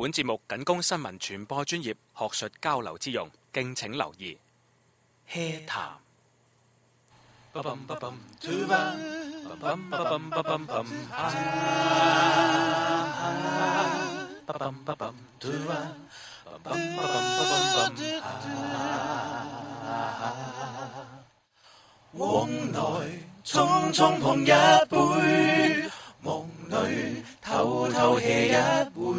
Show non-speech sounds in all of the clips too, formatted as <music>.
本節目僅供新聞傳播專業學術交流之用，敬請留意。HEA 談。忙裡匆匆碰一杯，夢裏偷偷 hea 一杯。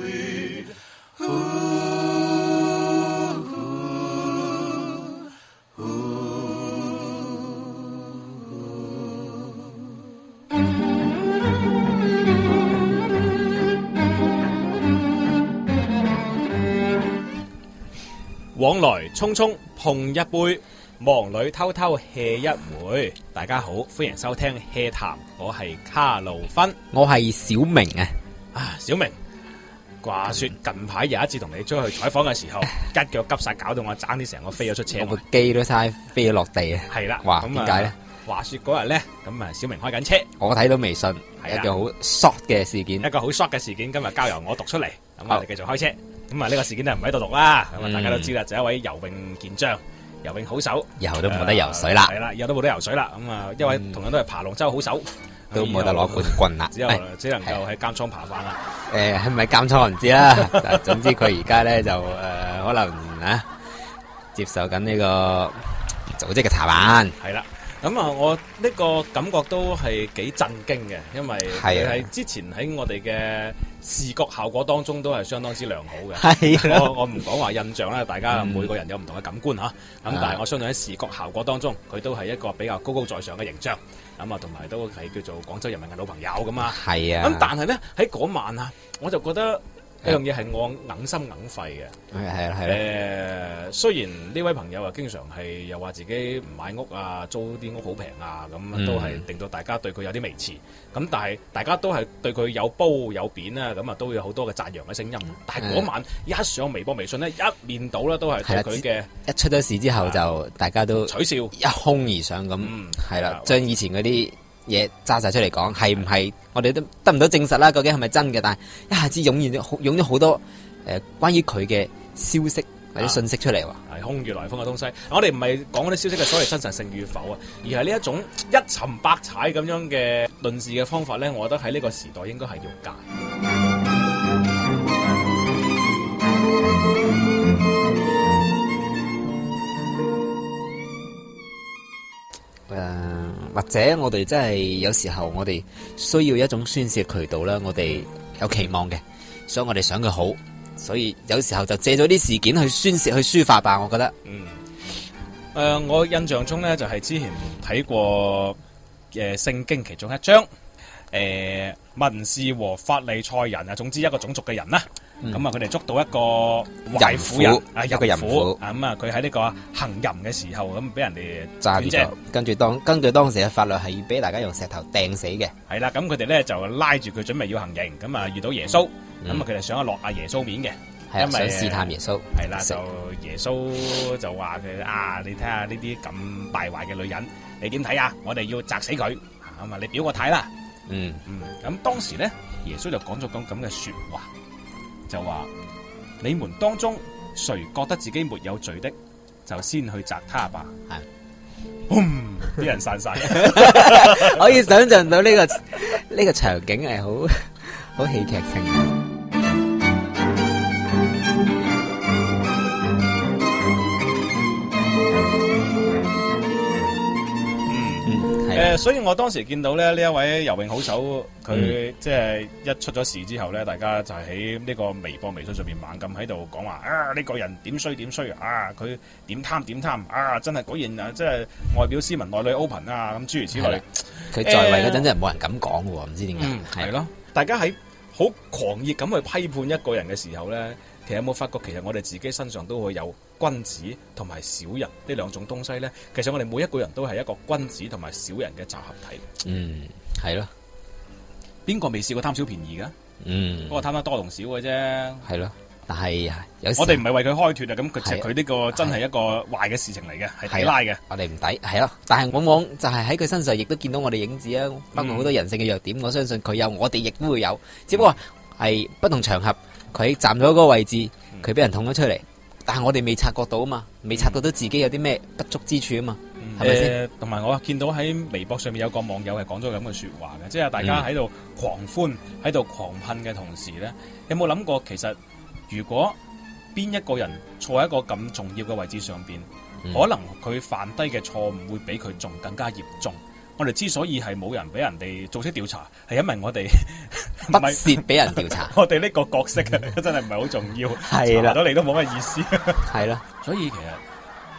往來匆匆碰一杯，忙裏偷偷 hea 一回。大家好，歡迎收聽 HEA 談，我係卡路芬，我係小明啊！啊，小明，話說近排有一次同你出去採訪嘅時候， <laughs> 一腳急剎，搞到我爭啲成個飛咗出車，部機都差啲飛咗落地啊！係 <laughs> 啦，哇，點解咧？話說嗰日咧，咁啊，小明開緊車，我睇到微信是的一個好 shock 嘅事件，的一個好 shock 嘅事件，今日交由我讀出嚟，咁我哋繼續開車。咁啊，呢個事件都唔喺度錄啦，咁、嗯、啊，大家都知啦，就係、一位游泳健將，游泳好手，以後都冇得游水啦，係、啊、啦，以後都冇得游水啦。咁、嗯、啊，因為同樣都係爬龍舟好手，都冇得攞冠軍啦，只有只能夠喺監倉爬翻啦。誒，係咪監倉唔知啦，但、呃、 <laughs> 總之佢而家咧就誒，呃、 <laughs> 可能啊，接受緊呢個組織嘅查辦。係、嗯、啦。咁、嗯、啊，我呢個感覺都係幾震驚嘅，因為佢之前喺我哋嘅視覺效果當中都係相當之良好嘅。我我唔講話印象啦，大家每個人有唔同嘅感官吓。咁、嗯嗯、但係我相信喺視覺效果當中，佢都係一個比較高高在上嘅形象。咁、嗯、啊，同埋都係叫做廣州人民嘅老朋友咁啊。係啊。咁、嗯、但係咧，喺嗰晚啊，我就覺得。嗯、呢樣嘢係我硬心硬肺嘅，係係係。雖然呢位朋友啊，經常係又話自己唔買屋啊，租啲屋好平啊，咁都係令到大家對佢有啲微詞。咁、嗯、但係大家都係對佢有褒有貶啊咁啊，都有好多嘅讚揚嘅聲音。但係嗰晚一上微博微信咧，一面倒啦都係對佢嘅、嗯、一出咗事之後就大家都取笑，一哄而上咁，係啦、嗯，將以前嗰啲。嘢揸晒出嚟講，係唔係我哋都得唔到證實啦？究竟係咪真嘅？但係一下子湧現咗，湧咗好多誒、呃，關於佢嘅消息或者信息出嚟喎，係、啊、空穴來風嘅東西。我哋唔係講嗰啲消息嘅所謂真實性與否啊，而係呢一種一沉百踩咁樣嘅論事嘅方法咧，我覺得喺呢個時代應該係要戒。或者，我哋真係有時候我哋需要一種宣泄渠道啦，我哋有期望嘅，所以我哋想佢好，所以有時候就借咗啲事件去宣泄，去抒發吧。我覺得，嗯，誒、呃，我印象中咧就係、是、之前睇過誒聖、呃、經其中一章誒、呃，文士和法利賽人啊，總之一個種族嘅人啦。咁、嗯、啊，佢哋捉到一個人淫婦，一個淫婦咁啊，佢喺呢個行淫嘅時候，咁俾人哋揸住。跟住當，根據當時嘅法律，係要俾大家用石頭掟死嘅。係啦，咁佢哋咧就拉住佢，準備要行刑。咁啊，遇到耶穌，咁、嗯、啊，佢哋想一落阿耶穌面嘅，係啊，想試探耶穌。係啦，就耶穌就話佢啊，你睇下呢啲咁敗壞嘅女人，你點睇啊？我哋要砸死佢咁啊！你表個態啦。嗯嗯，咁當時咧，耶穌就講咗咁咁嘅說話。就話，你們當中誰覺得自己沒有罪的，就先去擲他吧。係、砰，啲人散晒，可 <laughs> 以 <laughs> <laughs> 想象到呢、這個呢、這個場景係好好戲劇性的。誒、呃，所以我當時見到咧，呢一位游泳好手，佢即係一出咗事之後咧、嗯，大家就係喺呢個微博、微信上面猛咁喺度講話啊，呢、這個人點衰點衰啊，佢點貪點貪啊，真係果然啊，即係外表斯文、內裏 open 啊，咁諸如此類。佢、啊、在位嗰陣真係冇人敢講噶喎，唔知點解。係、嗯、咯、啊啊，大家喺好狂熱咁去批判一個人嘅時候咧，其實有冇發覺，其實我哋自己身上都會有。君子同埋小人呢兩種東西咧，其實我哋每一個人都係一個君子同埋小人嘅集合體。嗯，係咯。邊個未試過貪小便宜噶？嗯，不、那、過、個、貪得多同少嘅啫。係咯。但係啊，我哋唔係為佢開脫啊。咁其實佢呢個真係一個壞嘅事情嚟嘅，係拉嘅。我哋唔抵，係咯。但係往往就係喺佢身上，亦都見到我哋影子啊。包括好多人性嘅弱點、嗯，我相信佢有，我哋亦都會有、嗯。只不過係不同場合，佢站咗嗰個位置，佢、嗯、俾人捅咗出嚟。但係我哋未察覺到啊嘛，未察覺到自己有啲咩不足之處啊嘛，係咪先？同、呃、埋我見到喺微博上面有個網友係講咗咁嘅說話嘅，即、就、係、是、大家喺度狂歡、喺度狂噴嘅同時呢，有冇諗過其實如果邊一個人坐喺一個咁重要嘅位置上邊、嗯，可能佢犯低嘅錯誤會比佢仲更加嚴重。我哋之所以係冇人俾人哋做啲調查，係因為我哋不屑俾人調查。 <laughs> 我哋呢個角色、嗯、真係唔係好重要，查到嚟都冇乜意思。係啦， <laughs> 所以其實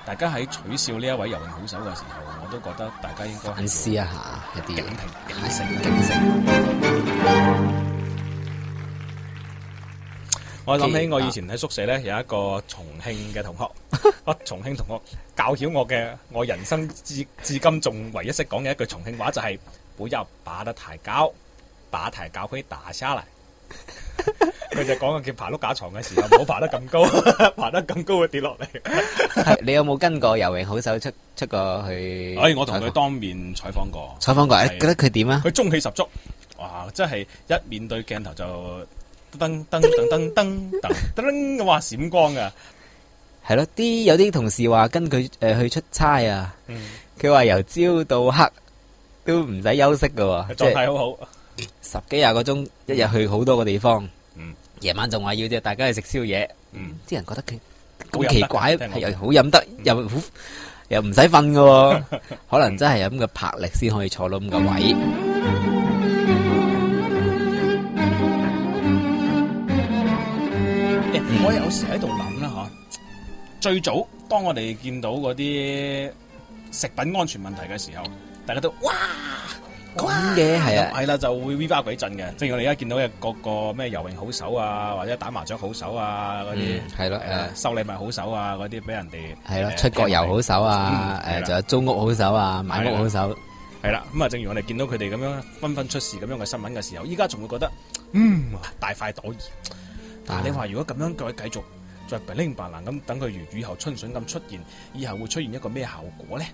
大家喺取笑呢一位游泳好手嘅時候，我都覺得大家應該反思一下一啲警惕戒慎。我諗起我以前喺宿舍咧有一個重慶嘅同學， <laughs> 重慶同學教曉我嘅，我人生至至今仲唯一識講嘅一句重慶話就係唔好把爬得太高，爬太高會打沙嚟。佢 <laughs> 就講個叫爬碌架床嘅時候唔好爬得咁高， <laughs> 爬得咁高會跌落嚟。你有冇跟過游泳好手出出過去採訪？可以，我同佢當面採訪過，嗯、採訪過，覺得佢點啊？佢中氣十足，哇！真係一面對鏡頭就。噔噔噔噔噔噔噔嘅話閃光噶，係咯，啲有啲同事話跟佢誒去出差啊，佢話由朝到黑都唔使休息噶，即係狀態好好，十幾廿個鐘一日去好多個地方，夜晚仲話要即係大家去食宵夜，啲人覺得佢咁奇怪，係又好飲得又好又唔使瞓噶，可能真係有咁嘅魄力先可以坐到咁嘅位。有 <noise> 時喺度諗啦，吓最早當我哋見到嗰啲食品安全問題嘅時候，大家都哇咁嘅係啊，係啦就會 V R 鬼震嘅。正如我哋而家見到嘅各個咩游泳好手啊，或者打麻雀好手啊嗰啲，係咯，誒收禮物好手啊嗰啲，俾人哋係咯出國遊好手啊，誒、嗯、仲有租屋好手啊，買屋好手係啦。咁啊、嗯，正如我哋見到佢哋咁樣紛紛出事咁樣嘅新聞嘅時候，依家仲會覺得嗯大快朵頤。但係你話如果咁樣再繼續再 bling bling 咁等佢如雨後春筍咁出現，以後會出現一個咩效果咧？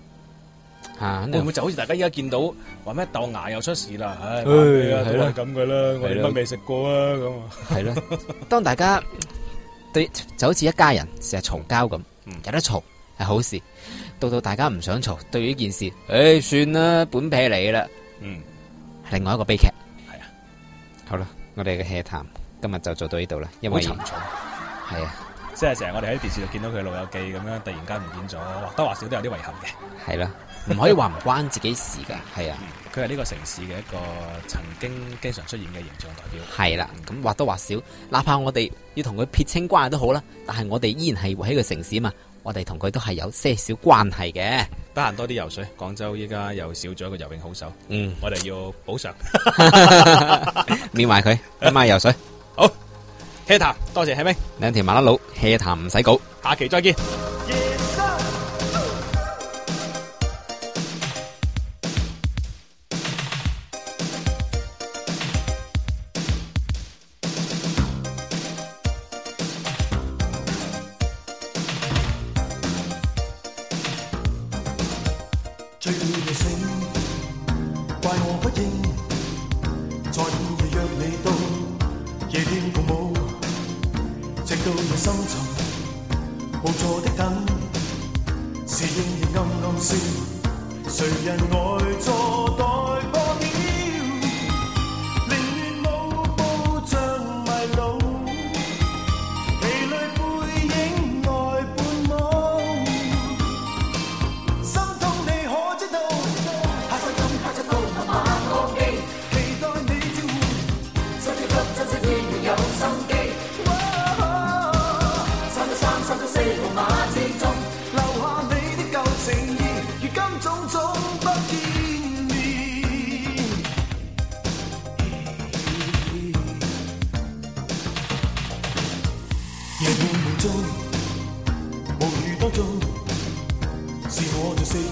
吓會唔會就好似大家而家見到話咩豆芽又出事啦？唉，係啦，都係咁噶啦，我哋都未食過啊？咁啊，係咯。當大家對就好似一家人成日嘈交咁，有得嘈係好事，到到大家唔想嘈，對於呢件事，誒，算啦，本撇嚟啦。嗯，另外一個悲劇係啊。好啦，我哋嘅 HEA 談。今日就做到呢度啦，因為沉重，係啊，即係成日我哋喺電視度見到佢嘅老友記咁樣，突然間唔見咗，或多或少都有啲遺憾嘅。係啦、啊，唔可以話唔關自己事噶。係啊，佢係呢個城市嘅一個曾經經常出現嘅形象代表。係啦、啊，咁或多或少，哪怕我哋要同佢撇清關係都好啦，但係我哋依然係活喺個城市嘛，我哋同佢都係有些少關係嘅。得閒多啲游水，廣州依家又少咗一個游泳好手。嗯，我哋要補償，免埋佢，唔係游水。 <laughs> HEA 談，多謝啟明，兩條馬拉佬 HEA 談唔使稿，下期再見。誰人愛？